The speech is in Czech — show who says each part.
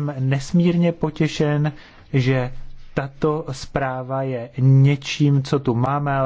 Speaker 1: jsem nesmírně potěšen, že tato zpráva je něčím, co tu máme,